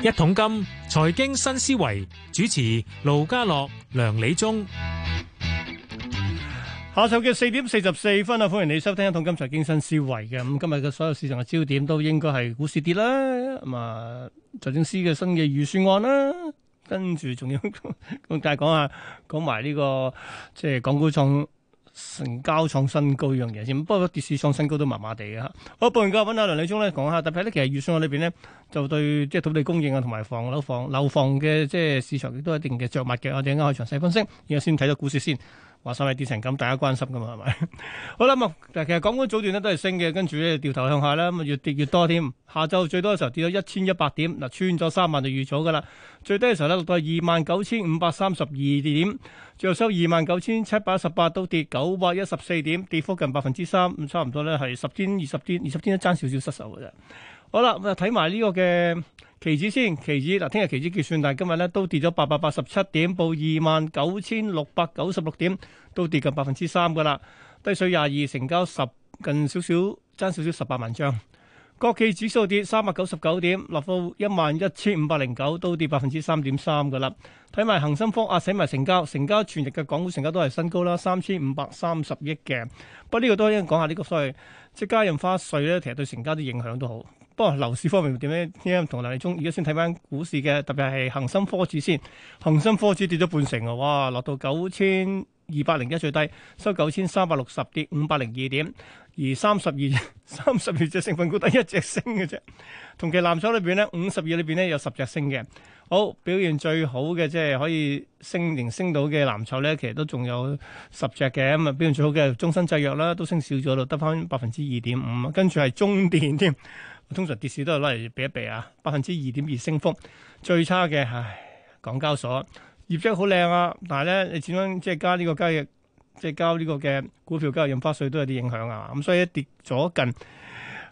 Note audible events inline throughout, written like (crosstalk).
一桶金財經新思維主持盧家樂、梁理中，下晝嘅四點四十四分啊！歡迎你收聽一桶金財經新思維嘅咁，今日嘅所有市場嘅焦點都應該係股市跌啦。咁啊，財政司嘅新嘅預算案啦，跟住仲要我介講下講埋呢個即係港股創。成交創新高呢樣嘢先，不過跌市創新高都麻麻地嘅嚇。好，報完價揾下梁理中咧講下，特別咧其實預算案裏邊咧就對即係土地供應啊，同埋房樓房樓房嘅即係市場亦都有一定嘅着墨嘅，我哋陣間可以詳細分析，而家先睇到股市先。話稍微跌成咁，大家關心噶嘛係咪？好啦，咁其實港股早段咧都係升嘅，跟住咧掉頭向下啦，咁越跌越多添。下晝最多嘅時候跌到一千一百點，嗱穿咗三萬就預咗噶啦。最低嘅時候咧落到二萬九千五百三十二點，最後收二萬九千七百一十八，都跌九百一十四點，跌幅近百分之三，咁差唔多咧係十天二十天二十天都爭少少失手嘅啫。好啦，咁啊睇埋呢個嘅期指先。期指嗱，聽日期指結算，但係今日咧都跌咗八百八十七點，報二萬九千六百九十六點，都跌近百分之三噶啦。低水廿二，成交十近少少，爭少少十八萬張。國企指數跌三百九十九點，落到一萬一千五百零九，都跌百分之三點三噶啦。睇埋恒生科啊，死埋成交，成交全日嘅港股成交都係新高啦，三千五百三十億嘅。不過呢個都先講下呢個所謂即係加印花稅咧，其實對成交啲影響都好。不過樓市方面點咧？先同梁理中而家先睇翻股市嘅，特別係恒生科指先，恒生科指跌咗半成啊！哇，落到九千二百零一最低，收九千三百六十跌五百零二點，而三十二三十二隻成分股得一隻升嘅啫，同期藍籌裏邊咧，五十二裏邊咧有十隻升嘅。好表現最好嘅，即係可以升年升到嘅藍籌咧，其實都仲有十隻嘅。咁啊，表現最好嘅中、嗯、生製藥啦，都升少咗咯，得翻百分之二點五。跟住係中電添，通常跌市都係攞嚟避一避啊，百分之二點二升幅。最差嘅唉，港交所業績好靚啊，但係咧你點樣即係加呢個交易，即係交呢個嘅股票交易印花稅都有啲影響啊。咁、嗯、所以一跌咗近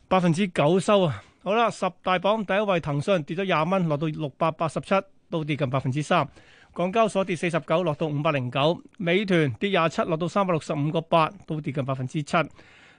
百分之九收啊。好啦，十大榜第一位騰訊跌咗廿蚊，落到六百八十七，都跌近百分之三。港交所跌四十九，落到五百零九。美團跌廿七，落到三百六十五個八，都跌近百分之七。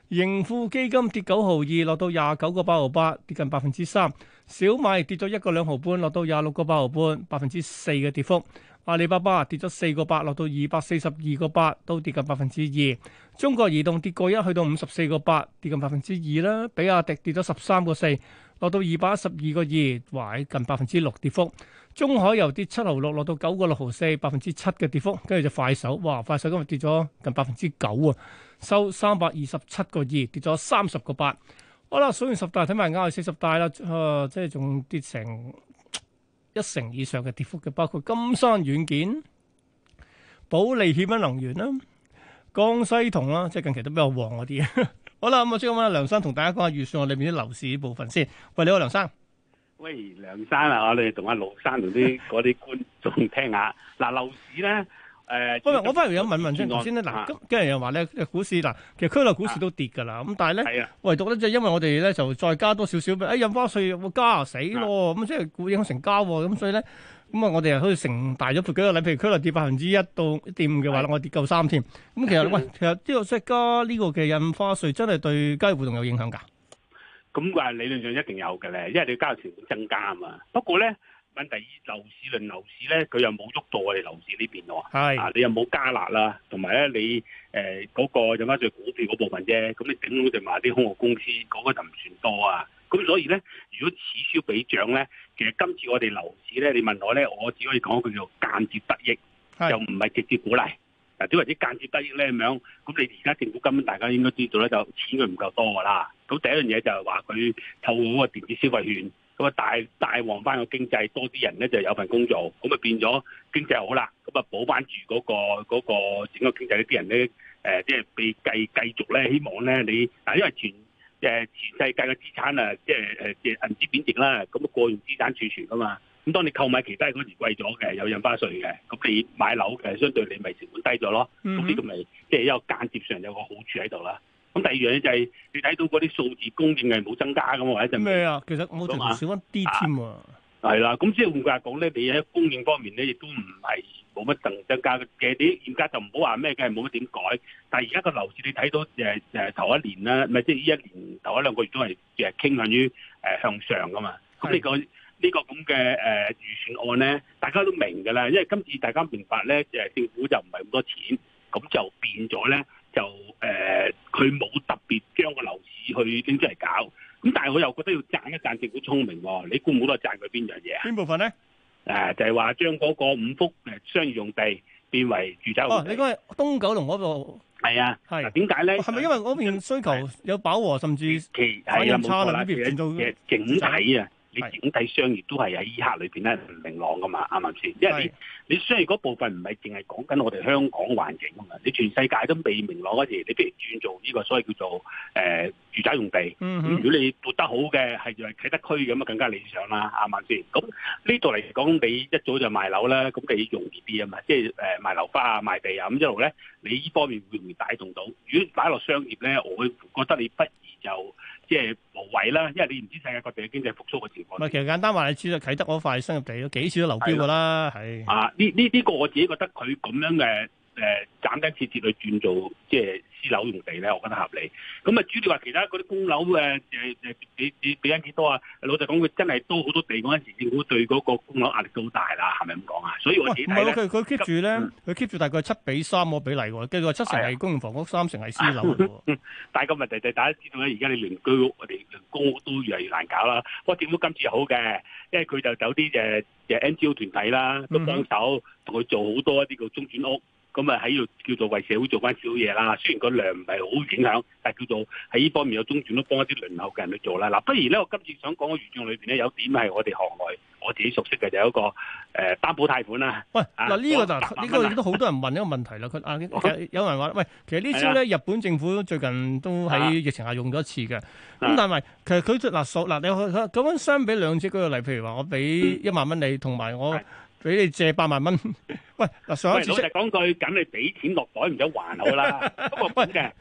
盈富基金跌九毫二，落到廿九個八毫八，跌近百分之三。小米跌咗一個兩毫半，落到廿六個八毫半，百分之四嘅跌幅。阿里巴巴跌咗四個八，落到二百四十二個八，都跌近百分之二。中國移動跌過一，去到五十四個八，跌近百分之二啦。比亞迪跌咗十三個四，落到二百一十二個二，壞近百分之六跌幅。中海油跌七毫六，落到九個六毫四，百分之七嘅跌幅。跟住就快手，哇，快手今日跌咗近百分之九啊，收三百二十七個二，跌咗三十個八。好啦，數完十大，睇埋今日四十大啦，呃，即係仲跌成。一成以上嘅跌幅嘅，包括金山軟件、保利協鑫能源啦、江西銅啦，即係近期都比較旺嗰啲。 (laughs) 好啦，咁我先咁啦，梁生同大家講下預算我裏面啲樓市部分先。喂，你好，梁生。喂，梁生啊，我哋同阿盧生同啲嗰啲觀眾聽下嗱， (laughs) 樓市咧。誒，唔係、哎，我不如有問問先，頭先啦。嗱，今日又話咧，股市嗱，其實區內股市都跌嘅啦，咁但係咧，唯獨咧就因為我哋咧就再加多少少，誒、哎，印花稅，會加死咯，咁即係會影響成交，咁所以咧，咁啊，我哋啊好似成大咗幅，幾個例，譬如區內跌百分之一到一點五嘅話咧，啊、我跌夠三添，咁、啊、其實喂，其實呢、這個即係加呢個嘅印花稅，真係對交易活動有影響㗎？咁啊、嗯，理論上一定有嘅咧，因為你交易成本增加啊嘛，不過咧。第二，樓市輪樓市咧，佢又冇喐到我哋樓市呢邊喎。係是的 啊，你又冇加辣啦，同埋咧你誒嗰、呃那個有翻最股票嗰部分啫。咁你頂籠就買啲空殼公司，嗰、那個就唔算多啊。咁所以咧，如果此消彼長咧，其實今次我哋樓市咧，你問我咧，我只可以講一句叫間接得益，又唔係直接鼓勵。嗱、啊，點爲之間接得益咧？咁樣咁你而家政府根本大家應該知道咧，就錢佢唔夠多噶啦。咁第一樣嘢就係話佢透過嗰個電子消費券。咁大大旺翻個經濟，多啲人咧就有份工做，咁啊變咗經濟好啦，咁啊補翻住嗰個嗰個整個經濟啲人咧，誒即係繼繼續咧希望咧你，嗱因為全誒、呃、全世界嘅資產啊，即係誒即係銀紙貶值啦，咁啊過完資產儲存噶嘛，咁當你購買其他嗰時貴咗嘅有印花稅嘅，咁你買樓誒相對你咪成本低咗咯，咁呢個咪即係一個間接上有個好處喺度啦。咁第二樣嘢就係你睇到嗰啲數字供應係冇增加咁喎，或者咩啊？其實冇仲少一啲添喎。係、啊、啦、啊，咁即係換句話講咧，你喺供應方面咧，亦都唔係冇乜增增加嘅。啲現價就唔好話咩，梗係冇乜點改。但係而家個樓市你睇到誒、就、誒、是就是、頭一年啦，咪即係呢一年頭一兩個月都係誒傾向於誒向上噶嘛。咁呢是的、呢個呢、呢個咁嘅誒預算案咧，大家都明嘅啦。因為今次大家明白咧，誒政府就唔係咁多錢，咁就變咗咧，就誒。呃佢冇特別將個樓市去整出嚟搞，咁但係我又覺得要讚一讚政府聰明喎，你估唔估都係讚佢邊樣嘢啊？邊部分咧？就係、是、話將嗰個五幅商業用地變為住宅用地、啊。你講係東九龍嗰度。係啊，點解咧？係咪、啊、因為嗰邊需求有飽和，甚至反應差、啊、錯啦？呢邊景啊？你整體商業都係喺依刻裏邊咧，唔明朗噶嘛，啱唔啱先？是因為你你商業嗰部分唔係淨係講緊我哋香港環境㗎嘛，你全世界都未明朗嗰時，你必須轉做呢個所謂叫做誒、呃、住宅用地。嗯哼如果你活得好嘅係係啟德區咁啊，更加理想啦，啱唔啱先？咁呢度嚟講，你一早就賣樓啦，咁你容易啲啊嘛，即、就、係、是、賣樓花啊、賣地啊咁一路咧，你呢方面會唔會帶動到？如果擺落商業咧，我會覺得你不如就～即係無謂啦，因為你唔知世界各地嘅經濟復甦嘅情況。唔係，其實簡單話嚟講，啟德嗰塊商業地幾都幾少都流標㗎啦，係。係。啊，呢呢呢個我自己覺得佢咁樣嘅誒，斬得一次去轉做即係。私樓用地咧，我覺得合理。咁啊，主要話其他嗰啲公樓誒誒誒，你你俾緊幾多啊？老實講，佢真係都好多地嗰陣時，政府對嗰個公樓壓力都好大啦，係咪咁講啊？所以我自己係喎，佢佢 keep 住咧，佢 keep 住大概七比三個比例喎。跟住話七成係公營房屋，的三成係私樓喎、啊嗯嗯。但係個問題就大家知道咧，而家你連居屋、連公屋都越嚟越難搞啦。不過政府今次好嘅，因為佢就走啲誒誒 NGO 團體啦，都幫手同佢做好多一啲嘅中轉屋。咁啊喺度叫做為社會做翻少嘢啦，雖然個量唔係好影響，但係叫做喺呢方面有中轉都幫一啲輪候嘅人去做啦。嗱，不如咧，我今次想講嘅預算裏邊咧，有點係我哋行內我自己熟悉嘅，就有一個誒、呃、擔保貸款、啊、啦。喂，嗱呢個就呢、啊、個都好多人問一個問題啦。佢啊有人話：喂，其實這呢招咧，啊、日本政府最近都喺疫情下用咗一次嘅。咁、啊啊、但係其實佢嗱索嗱，你佢咁樣相比兩隻舉例，譬如話我俾一萬蚊你，同埋我。俾你借八萬蚊，喂嗱，上一次老實講句，咁你俾錢落袋唔使還好啦，咁啊唔嘅，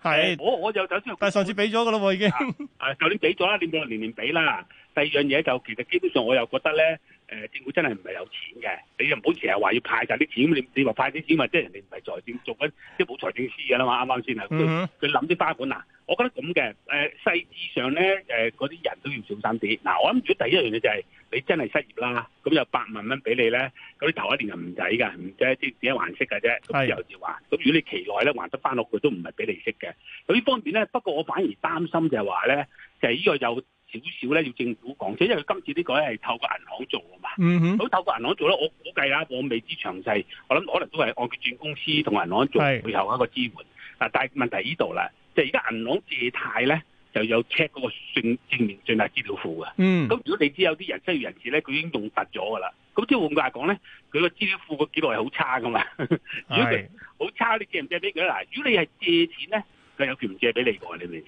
係、欸、我我就首先上次俾咗噶啦，我已經啊，啊，上年俾咗啦，你咪年年俾啦。第二樣嘢就其實基本上我又覺得咧。誒政府真係唔係有錢嘅，你又唔好成日話要派晒啲錢，你你話派啲錢咪即係人哋唔係財政做緊即係冇財政司嘅啦嘛，啱啱先啊，佢佢諗啲花款嗱，我覺得咁嘅誒細節上咧誒嗰啲人都要小心啲。嗱，我諗住第一樣嘢就係、是、你真係失業啦，咁有八萬蚊俾你咧，咁你頭一年又唔使嘅，唔使即係只係還息嘅啫，咁自由自還。咁如果你期內咧還得翻落去都唔係俾利息嘅。咁呢方面咧，不過我反而擔心就係話咧。就係呢個有少少咧，要政府講，即係因為佢今次呢個係透過銀行做啊嘛。咁、嗯、哼透過銀行做咧，我估計啦，我未知詳細，我諗可能都係按佢轉公司同銀行做最後一個支援。是啊，但係問題呢度啦，就而家銀行借貸咧就有 check 嗰個正正面信貸資料庫噶。咁、嗯嗯、如果你知有啲失業人士咧，佢已經用突咗噶啦。咁即係換句話講咧，佢個資料庫個記錄係好差噶嘛。 (laughs) (laughs) 是如果佢好差，你借唔借俾佢咧？嗱，如果你係借錢咧，佢有權唔借俾你㗎，你明唔明？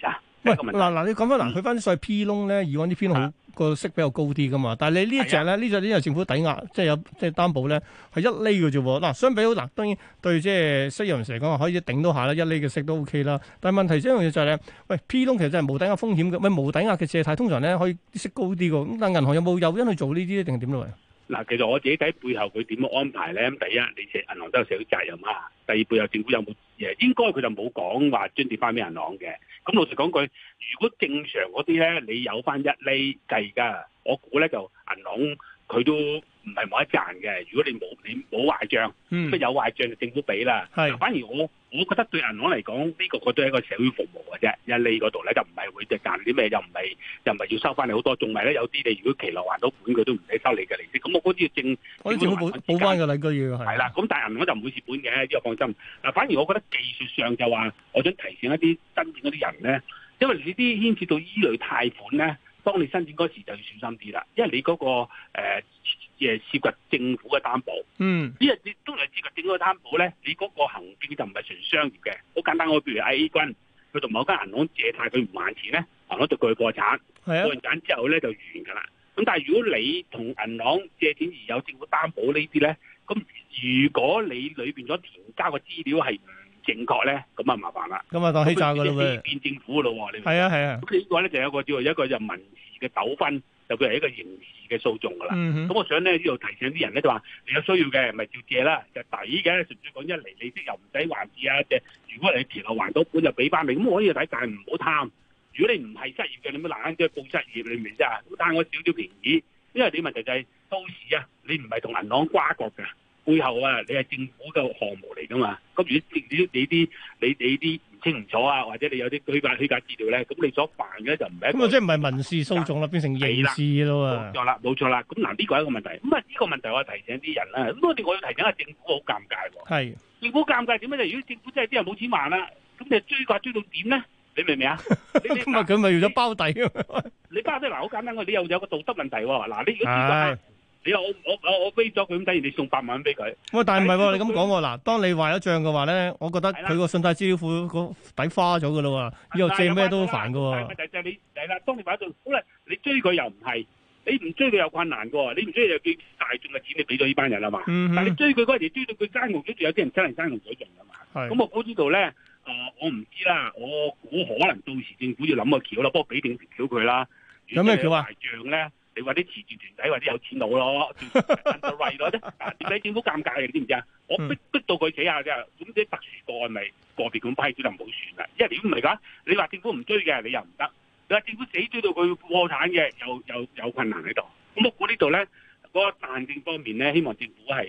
喂，嗱嗱，你講翻嗱，佢翻啲所謂 P 窿咧，以往啲 P 窿好個息比較高啲噶嘛，但係你呢一隻咧，呢隻呢個政府抵押，即係有即係擔保咧，係一厘㗎啫喎。嗱，相比好嗱，當然對即係西洋人嚟講話可以頂多下啦，一厘嘅息都 OK 啦。但係問題先一樣嘢就係咧，喂，P 窿其實真係無抵押風險嘅，咪無抵押嘅借貸通常咧可以息高啲㗎。咁但係銀行有冇誘因去做呢啲咧，定係點咧？嗱，其實我自己睇背後佢點樣安排咧。咁第一，你社銀行都有社會責任啊。第二，背後政府有冇嘢？應該佢就冇講話轉貼翻俾銀行嘅。咁老實講句，如果正常嗰啲咧，你有翻一厘計㗎、就是，我估咧就銀行。佢都唔係冇得賺嘅。如果你冇你冇壞賬，即係有壞賬、嗯、有壞帳就政府俾啦。是反而我我覺得對銀行嚟講，呢個都係一個社會服務嘅啫。喺你嗰度咧，就唔係會即係賺啲咩，又唔係又唔係要收翻你好多。仲咪咧有啲你如果期內還到款，佢都唔使收你嘅利息。咁我嗰啲正嗰啲冇冇冇翻嘅，應該要係。係啦，咁但係銀行就唔會蝕本嘅，呢個放心。嗱，反而我覺得技術上就話，我想提醒一啲身邊嗰啲人咧，因為呢啲牽涉到依類貸款咧。當你申請嗰時就要小心啲啦，因為你嗰、嗰個誒、呃、涉及政府嘅擔保，嗯，因為你都嚟涉及政府嘅擔保咧，你嗰個行政就唔係純商業嘅。好簡單，我譬如阿 A 君佢同某間銀行借貸，佢唔還錢咧，銀行就叫佢破產，啊、破完產之後咧就完噶啦。咁但係如果你同銀行借錢而有政府擔保呢啲咧，咁如果你裏邊所填交嘅資料係正確咧，咁啊麻煩啦，咁啊當欺詐嘅啦，變政府嘅咯喎，你係啊係啊，咁呢、啊、個咧就有一個叫、就是、一個就民事嘅糾紛，就叫、是、係一個刑事嘅訴訟噶啦。咁、嗯、哼我想咧呢度提醒啲人咧就話，你有需要嘅咪照借啦，就抵嘅。純粹講一嚟，利息又唔使還字啊，即係如果你條路還到本就俾翻你。咁我可以睇，但係唔好貪。如果你唔係失業嘅，你咪嗱嗱聲報失業裡面，你明唔明啫？攤我少少便宜，因為你問題就係、是，到時啊，你唔係同銀行瓜葛嘅。背後啊，你係政府嘅項目嚟噶嘛？咁如果你啲你啲你啲唔清唔楚啊，或者你有啲虛假虛假資料咧，咁你所辦嘅就唔係咁啊！即係唔係民事訴訟啦，變成刑事咯啊！冇錯啦，冇錯啦。咁嗱，呢個係一個問題。咁啊，呢個問題我提醒啲人啦。咁我哋我要提醒下政府好尷尬喎。的政府尷尬點啊？如果政府真係啲人冇錢還啦，咁你追個追到點咧？你明唔明啊？咁啊，佢咪 (laughs) 要咗包底？你包底嗱，好簡單嘅，你又有個道德問題。嗱，你如果知道係。你我我我飛咗佢，咁等於你送八萬俾佢。喂，但係唔係喎？你咁講喎，嗱，當你壞咗賬嘅話咧，我覺得佢個信貸資料庫底花咗喇啦，又的借咩都好煩㗎喎。但你係啦，當你壞到，好啦，你追佢又唔係，你唔追佢有困難喎。你唔追又叫大眾嘅錢你俾咗呢班人啦嘛。嗯、哼但你追佢嗰陣時，追到佢爭咗住有啲人真係爭紅咗賬嘅嘛。咁的我估、呃、知道咧，啊，我唔知啦，我估可能到時政府要諗個橋啦，不過俾定條橋佢啦。有咩橋啊？你話啲持住團體或者有錢佬咯，就為咗咧，點解政府尷尬嘅？你知唔知啊？我逼逼到佢死下啫，總之特殊個案咪、就是、個別咁批咗就唔好算啦。因為如果唔係嘅，你話政府唔追嘅，你又唔得；你話政府死追到佢破產嘅，又又又困難喺度。咁我估呢度咧。嗰彈性方面咧，希望政府係誒，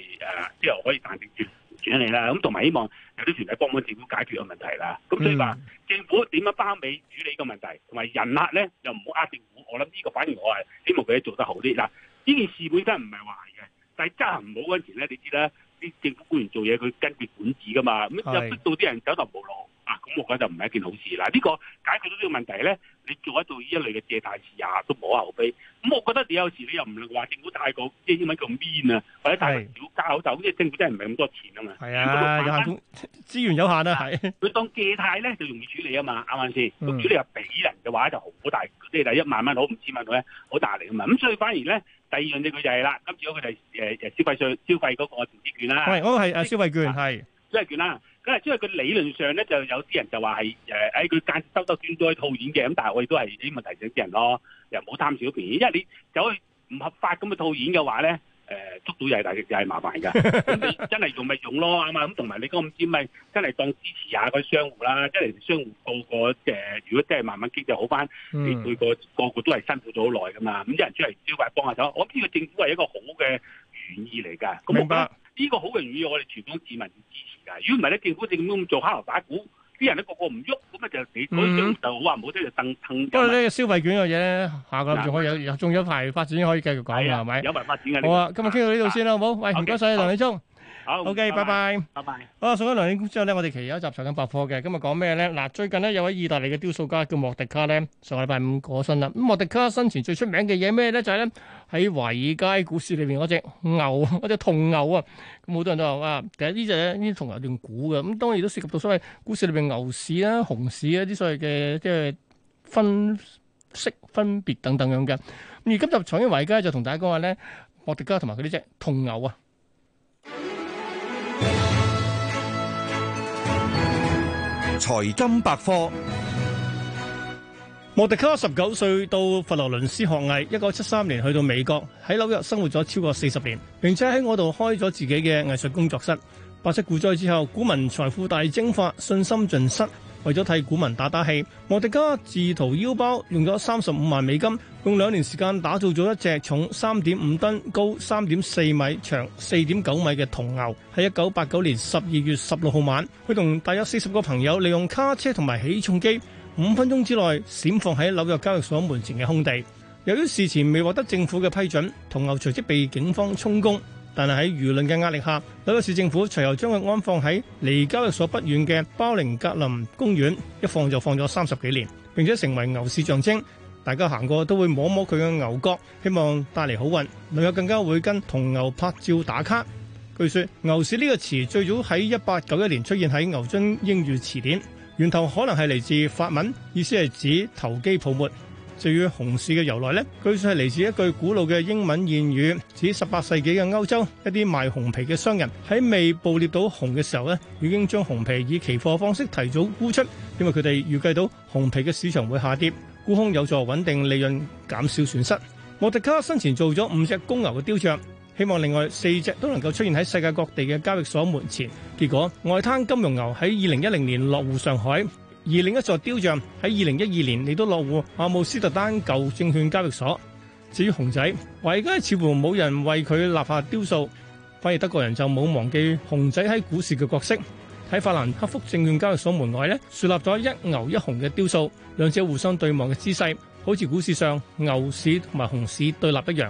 即、啊、係可以彈性轉轉嚟啦。咁同埋希望有啲團體幫幫政府解決個問題啦。咁所以話、嗯、政府點樣包尾處理呢個問題，同埋人客咧又唔好呃政府。我諗呢個反而我係希望佢做得好啲嗱。呢件事本身唔係壞嘅，但係執行唔好嗰陣時咧，你知啦，啲政府官員做嘢佢跟住管治噶嘛，咁一逼到啲人走投無路的啊，咁我覺得就唔係一件好事啦。呢、呢個解決到呢個問題咧。你做一做呢一類嘅借貸事也都冇後備，咁我覺得你有時你又唔能話政府太過即係英文叫 mean 啊，或者太少交口罩，即係政府真係唔係咁多錢啊嘛。係啊，有限資源有限啦，係。佢當借貸咧就容易處理啊嘛，啱唔啱先？個處理係俾人嘅話就好大，即係一萬蚊到五千蚊到咧，好大嚟啊嘛。咁所以反而咧第二樣嘢佢就係啦，今次佢個就誒誒消費稅消費嗰個電子券啦。喂，我係啊消費券係。消費券啦。嗱，因為佢理論上咧，就有啲人就話係誒，喺、哎、佢間接收收轉到去套現嘅，咁但係我亦都係啲問題，提醒啲人咯，又唔好貪小便宜，因為你走去唔合法咁嘅套現嘅話咧，誒、呃、捉到又係大，又係麻煩噶。 (laughs) 你真係用咪用咯，啊嘛，咁同埋你咁唔知咪真係當支持下嗰啲商戶啦，即係商戶個個誒、呃，如果真係慢慢經濟好翻，你每個個個都係辛苦咗好耐噶嘛，咁啲人出嚟招牌幫下手，我諗呢個政府係一個好嘅願意嚟㗎，明呢個好容易要我哋全港市民支持㗎，如果唔係咧，政府正咁做敲牛打鼓，啲人咧個個唔喐，咁啊就死嗰、嗯、種，就我話唔好聽就蹭蹭。不過消費券嘅嘢，下個禮拜仲可以有，有排發展可以繼續講㗎，係咪？有埋發展㗎。好啊，今日傾到呢度先啦，好唔好？喂，唔該晒，梁理中。Okay, 好 OK，拜拜，拜拜。好，上咗兩點之後咧，我哋其餘一集財經百科嘅，今日講咩咧？嗱，最近咧有位意大利嘅雕塑家叫莫迪卡咧，上個禮拜五過身啦。咁莫迪卡生前最出名嘅嘢咩咧？就係咧喺華爾街股市裏邊嗰隻牛，嗰隻銅牛啊！咁好多人都話哇，其實呢隻呢隻銅牛段古嘅。咁當然都涉及到所謂股市裏邊牛市啦、熊市啊啲所謂嘅即係分析、分別等等樣嘅。咁而今集財經華爾街就同大家講話咧，莫迪卡同埋佢呢隻銅牛啊！財金百科，莫迪卡十九歲到佛羅倫斯學藝，一九七三年去到美國，喺紐約生活咗超過四十年，並且喺我度開咗自己嘅藝術工作室。八七股災之後，股民財富大蒸發，信心盡失，為咗替股民打打氣，莫迪卡自掏腰包用咗三十五萬美金。用兩年時間打造咗一隻重三點五噸、高三點四米、長四點九米嘅銅牛。喺一九八九年十二月十六號晚，佢同大約四十個朋友利用卡車同埋起重機，五分鐘之內閃放喺紐約交易所門前嘅空地。由於事前未獲得政府嘅批准，銅牛隨即被警方充公。但係喺輿論嘅壓力下，紐約市政府隨後將佢安放喺離交易所不遠嘅包寧格林公園，一放就放咗三十幾年，並且成為牛市象徵。大家行過都會摸摸佢嘅牛角，希望帶嚟好運。女友更加會跟同牛拍照打卡。據說，牛市呢個詞最早喺一八九一年出現喺牛津英語詞典，源頭可能係嚟自法文，意思係指投機泡沫。至於熊市嘅由來呢，據說係嚟自一句古老嘅英文諺語，指十八世紀嘅歐洲一啲賣熊皮嘅商人喺未捕獵到熊嘅時候呢，已經將熊皮以期貨方式提早沽出，因為佢哋預計到熊皮嘅市場會下跌。沽空有助穩定利潤，減少損失。莫迪卡生前做咗五隻公牛嘅雕像，希望另外四隻都能夠出現喺世界各地嘅交易所門前。結果，外灘金融牛喺二零一零年落戶上海，而另一座雕像喺二零一二年亦都落戶阿姆斯特丹舊證券交易所。至於熊仔，維佳似乎冇人為佢立下雕塑，反而德國人就冇忘記熊仔喺股市嘅角色。喺法蘭克福證券交易所門外咧，樹立咗一牛一熊嘅雕塑，兩者互相對望嘅姿勢，好似股市上牛市同埋熊市對立一樣。